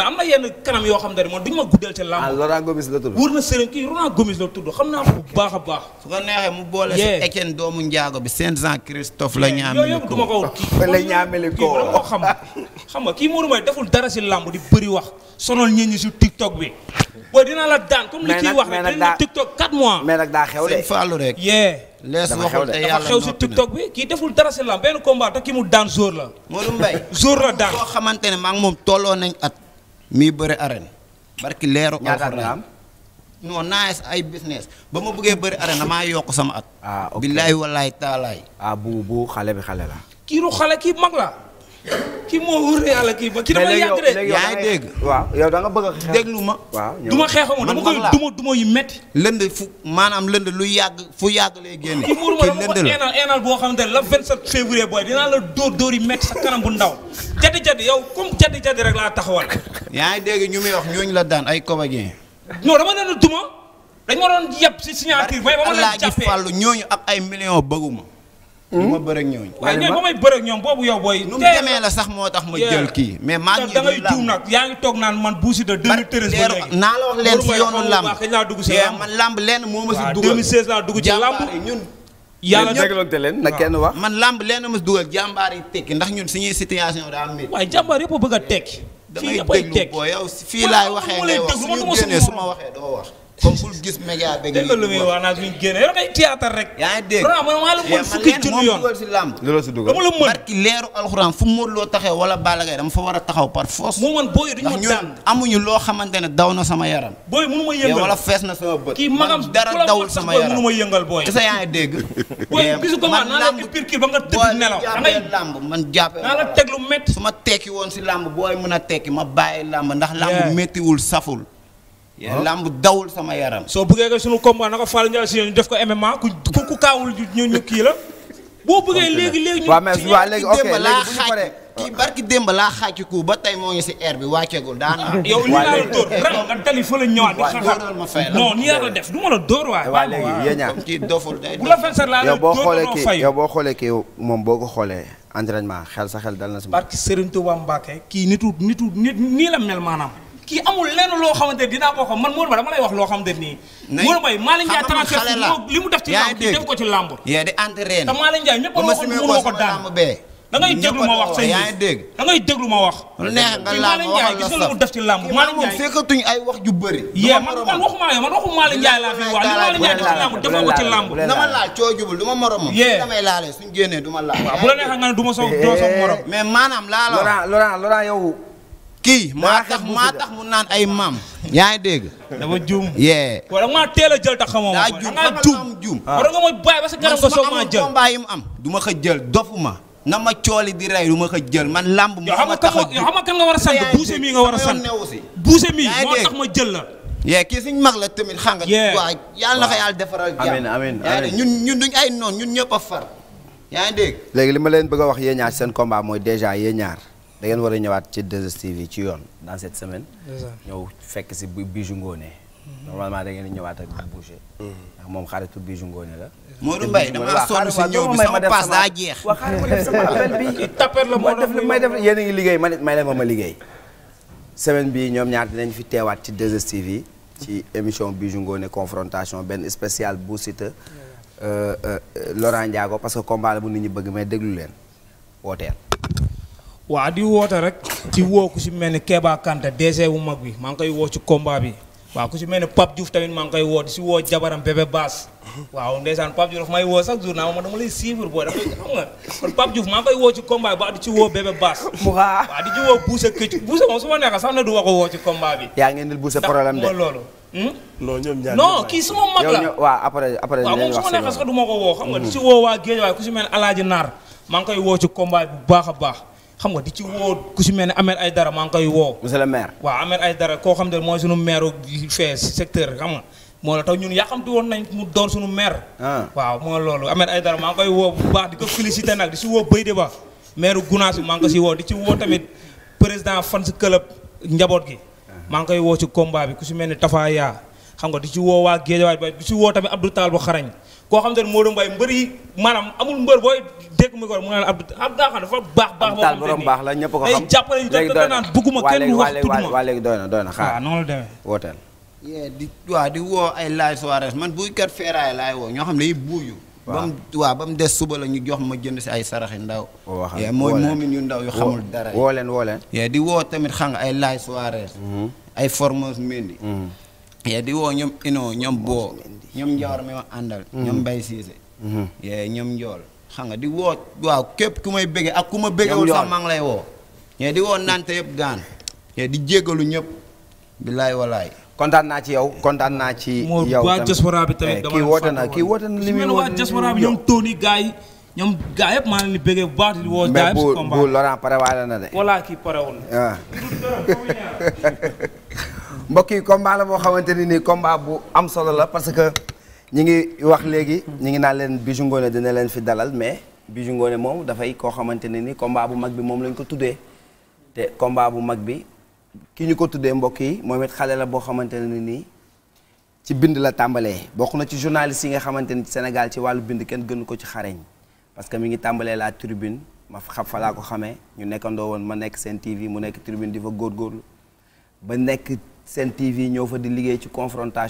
ma am na yenn kanam yoo xam ne man duñ ma guddal ca làmb. ah Laurent Gomis la tudd. wóor na sëriñ kii Laurent Gomis la tudd xam naa bu baax a baax. su ko neexee mu boole si Etienne doomu Ndiago ki mu daan jour la. Modou Mbaye jour la daan. koo xamante ne maa moom tolloo nañ at. mii bëri arène barki leeru alxuraan non nice ay business ba ma bëggee bëri arène damaa yokk sama at ah billaay wallaay taalaay ah, bu bu xale bi xale la kii lu xale kii mag la kii moo wër yàlla kii ba kii yaa ngi dégg waaw yow da nga bëgg a xeex déglu ma du ma xeexamu dama koy duma duma yu metti lënd fu maanaam lënd lu yàgg fu yàgg lay génne kii muur ma dama ko eenal eenal boo xamante ne la 27 février booy dinaa la dóor dóor yu metti sa kanam bu ndaw jadi jadi yow comme jadi jadi rek laa taxawal yaa ngi dégg ñu muy wax ñooñu la daan ay comédien. non dama leen duma dañ ma doon yab si signature mais ba ma leen jàppee fàllu ñooñu ak ay millions bëgguma hmm? du ma bëreeg ñooñu. waaye ñooñu ba ñoom boobu yow booy. nu mu demee la sax moo tax ma jël kii. mais maa ngi da yaa ngi toog naan man Bou Siteu de 2013 ba léegi. naa la wax leen si yoonu lamb man lamb lenn moo ma si dugal. 2016 laa dugg ci lamb ñun. yàlla déglante leen na kenn wax. man lamb lenn ma si dugal jàmbaar yi tekki ndax ñun suñuy situation daa métti. waaye jàmbaar yëpp a bëgg a tekki. fii yëpp ay teg da ngay déglu booy yow fii laay waxee ngay wax su ma waxee doo wax. comme bul gis média beeg yi. lu muy wax naan suñu génne yor ngay théâtre rek. yaa ngi dégg vraiment man maa la mën fukki junni yoon si làmb. loolu si dugal dama la mën barki leeru alxuraan fu Modou Lo taxee wala Balla Gaye dama fa war a taxaw par force. moo man booy duñu ma daan amuñu loo xamante ne daw na sama yaram. booy mënu ma yëngal wala fees na sama bët. kii magam dara dawul sama yaram mënu ma yëngal booy. kese yaa ngi dégg. booy gisu ko man naa la kii ba nga tëdd nelaw. da ngay làmb man jàppee naa la teg lu métti. su ma tekki woon si làmb booy mën a tekki ma bàyyi làmb ndax làmb méttiwul saful yéen làmb dawul sama yaram. soo bëggee rek sunu combat naka Fall Ndiaye si ñu def ko MMA ku kaawul ñu kii la. boo bëggee léegi léegi ñu. waaw mais waaw léegi bu laa xàcc ba tey moo ngi si air bi wàcceegul daanaka. Ah. la dóor def du waay. waaw léegi yéen ñaar kii laa la dóor yow boo xoolee kii moom boo ko xoolee entraînement xel sa xel dal na si. barki Serigne Touba kii nitu nitu nit nii la mel maanaam kii amul lenn loo xamante dinaa ko xam man Modou dama lay wax loo xamante nii Modou Mbaye Malick Ndiaye transfert li mu a waxoon ma wax la gis nga lu mu def ci làmb Malick wax ju bëri yee man man ma moromam yee damay laale suñ génnee du laal bu la neexee nga ne du ma soog doo soog morom mais maanaam laa la Laurent yow kii maa tax maa mu naan ay maam. yaa ngi dégg. dama juum. yee. waaw maa teel a jël tax xamoo ma. da ah. nga juum juum. waaw da nga ma bàyyi yi mu am. du ma ko jël dofuma. na ma cooli di rey du ma ko jël man làmb moo ma a yow xam nga kan nga war a sant buuse war a sant buuse mii moo jël la. yee kii suñ la tamit xam nga. waaw yàlla na ko yàlla defaral jàmm. amiin ñun ñun duñ ay noon ñun ñëpp a far. yaa léegi li ma leen bëgg wax yéen ñaar seen combat mooy déjà yéen ñaar da ngeen war a ñëwaat ci 2STV ci yoon dans cette semaine. ñëw fekk si Bijou Ngoné. Mhm. normalement da ngeen ñëwaat ak Boucher. Mhm. ndax moom xaritu Bijou Ngoné la. Modou Mbaye jeex. waaw xaaral ma def moo def li may def yéen ma liggéey. semaine bi ñoom ñaar dinañ fi teewaat ci 2STV. ci émission Bijou Ngoné confrontation benn spécial bu Siteu. Euh, euh, euh, Laurent Ndiago parce que combat la bu nit ñi bëgg may déglu leen wooteel. waa di woote rek ci woo ku si mel ni Keba Kante DG bu mag bi maa koy woo ci combat bi ma dama lay suivre booy dafay xam nga kon Pape Diouf maa ngi koy woo ci combat bi ba di ci woo bébé Baas waaw di ci woo Boussa Këcc Boussa moom su ma neexee sax na du wax ko woo ci combat bi yaa ngeen di Boussa problème de loolu hmm? non ñoom ñaar non kii suma mag la waaw après après waaw moom su ma neexee hmm. waa ku si mel ni Alaaji Naar maa koy woo ci combat bi bu baax a baax xam nga di ci woo ku si mel ne Ahmed Aïdara maa ngi koy woo. monsieur le maire. waaw Ahmed Aïdara koo xam ne mooy sunu maire fee secteur xam nga moo la tax ñun yàqamti woon nañ mu doon sunu maire. Ah. waaw moo loolu Ahmed Aïdara maa ngi koy woo bu baax di ko félicité nag di si woo Béy Déba maire Gunaas bi maa ngi si woo di ci woo tamit président fan club njaboot gi. Ah. maa ngi koy woo ci combat bi ku si mel ni Tafa Yaa xam di woo waa Géejawaay ba di ci woo tamit Abdou Tall bu xarañ koo xam te ne Modou yi maanaam amul mbër booy dégg ko mu naan Abdou Abdou Tall dafa baax baax boo xam borom baax la ñëpp ko xam ay jàppale da naan bëgguma kenn wax tudduma waa léegi doy na doy na xaar noonu la demee wooteel di di woo ay laay soirées man buy kat feeraay laay woo ñoo xam ne yi buuyu ba waaw ba mu des suba la ñu jox ma jënd si ay saraxi ndaw ye mooy moomin yu ndaw yu xamul dara woo leen woo leen yee di woo tamit xam nga ay laay soirées mm-hmm. ay formos mendi mm-hmm. yee di woo ñoom inoo ñoom boo ñoom njoor mi ma àndal mm-hmm. ñoom mbay siise mm-hmm. yee ñoom njool xam nga di woo waaw képp ku may bëggee ak ku ma bëggewul sax maa ngi lay woo yee di woo nante yëpp gaan yee di jéggalu ñëpp bilaay walaay kontaan naa ci yow kontaan naa ci yow waa diaspora bi tamit eh, kii woote na kii woote na waa diaspora bi ñoom tóoni ñoom gars yëpp maa ngi leen woo gars bu Laurent pare waale na de voilà kii parewul ah. mbokk yi combat la boo xamante ne nii combat bu am solo la parce que ñu ngi wax léegi. ñu ngi naa leen Bijou Ngoné dina leen fi dalal mais Bijou Ngoné moom dafay koo xamante ne nii combat bu mag bi moom lañ ko tuddee te combat bu mag bi ki ñu ko tuddee mbokk yi moom it xale la boo xamante ne nii. ci bind la tàmbalee bokk na ci journaliste yi nga xamante ni Sénégal ci wàllu bind kenn gënu ko ci xareñ parce que mi ngi tàmbalee la tribune ma xam fa laa ñu nekkandoo woon ma nekk seen TV mu nekk tribune di fa nekk Sen TV ñëw fa di liggéey ci confrontation